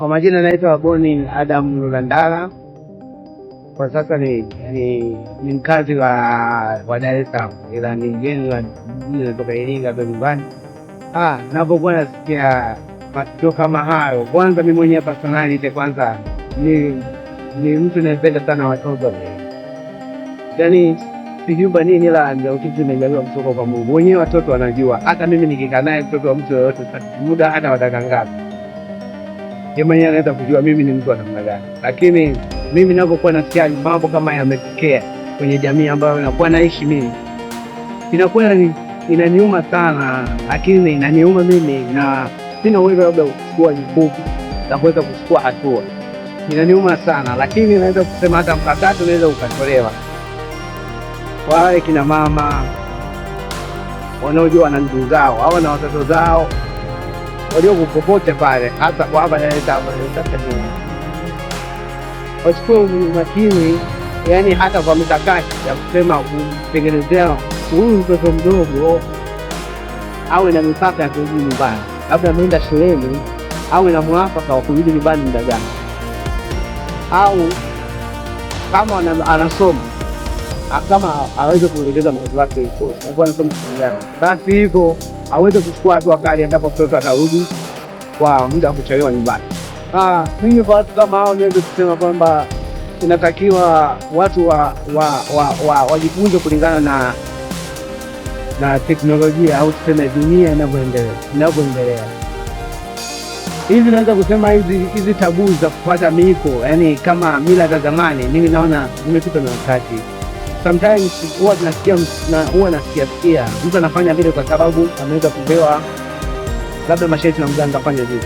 Kwa majina naitwa Boni Adam Lulandala, kwa sasa ni, ni, ni mkazi wa, wa Dar es Salaam, ila ni mgeni wa mjini, natoka Iringa kwa nyumbani. Napokuwa nasikia matukio kama hayo, kwanza mimi mwenyewe personality, kwanza ni, ni mtu naependa sana watoto, yani sijumba nini, la ndio kitu nimejaliwa mtoto kwa Mungu wenyewe Watoto wanajua, hata mimi nikikaa naye mtoto wa mtu yoyote muda hata watakangaza Jamani, anaweza kujua mimi ni mtu wa namna gani, lakini mimi ninapokuwa nasikia mambo kama yametokea kwenye jamii ambayo nakuwa naishi mimi, inakuwa inaniuma sana, lakini inaniuma mimi na sina uwezo labda kuchukua jukumu na kuweza kuchukua hatua. Inaniuma sana, lakini naweza kusema hata mkakati unaweza ukatolewa kwa wale kina mama wanaojua na ndugu zao au na watoto zao waliopo popote pale, hata hapa naetaatau wachukue umakini, yani hata kwa mikakati ya kusema kumtengenezea huyu mtoto mdogo awe na mipaka ya kurudi nyumbani, labda ameenda shuleni, awe na mwafaka wa kurudi nyumbani muda gani, au kama anasoma kama aweze kuelekeza mtoto wake anasoma, basi hivyo aweze kuchukua hatua kali endapo mtoto atarudi kwa muda wa kuchelewa nyumbani. Ah, mimi kwa watu kama hao niweze kusema kwamba inatakiwa watu wajifunze wa, wa, wa, wa kulingana na na teknolojia au tuseme dunia inavyoendelea hivi. Naweza kusema hizi tabuu za kupata miiko, yani kama mila za zamani, mimi naona zimepita na wakati sometimes huwa tunasikia na huwa nasikia sikia mtu anafanya vile kwa sababu ameweza kupewa labda masharti na mganga afanye vile,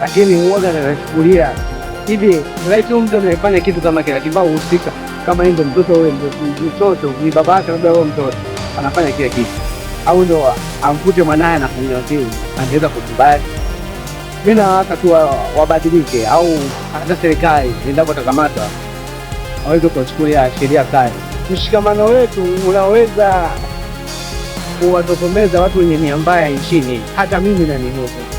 lakini huwa anachukulia hivi laiti mtu anafanya kitu kama kile lakini kibao husika, kama ndio mtoto wewe, mtoto ni baba yake, labda wewe mtoto anafanya kile kitu, au ndio amkute mwanaye anafanya vile, anaweza kukubali bila hata tu wabadilike, au hata serikali endapo atakamata aweze kuchukulia sheria kali mshikamano wetu unaweza kuwatokomeza watu wenye nia mbaya nchini, hata mimi na nimoto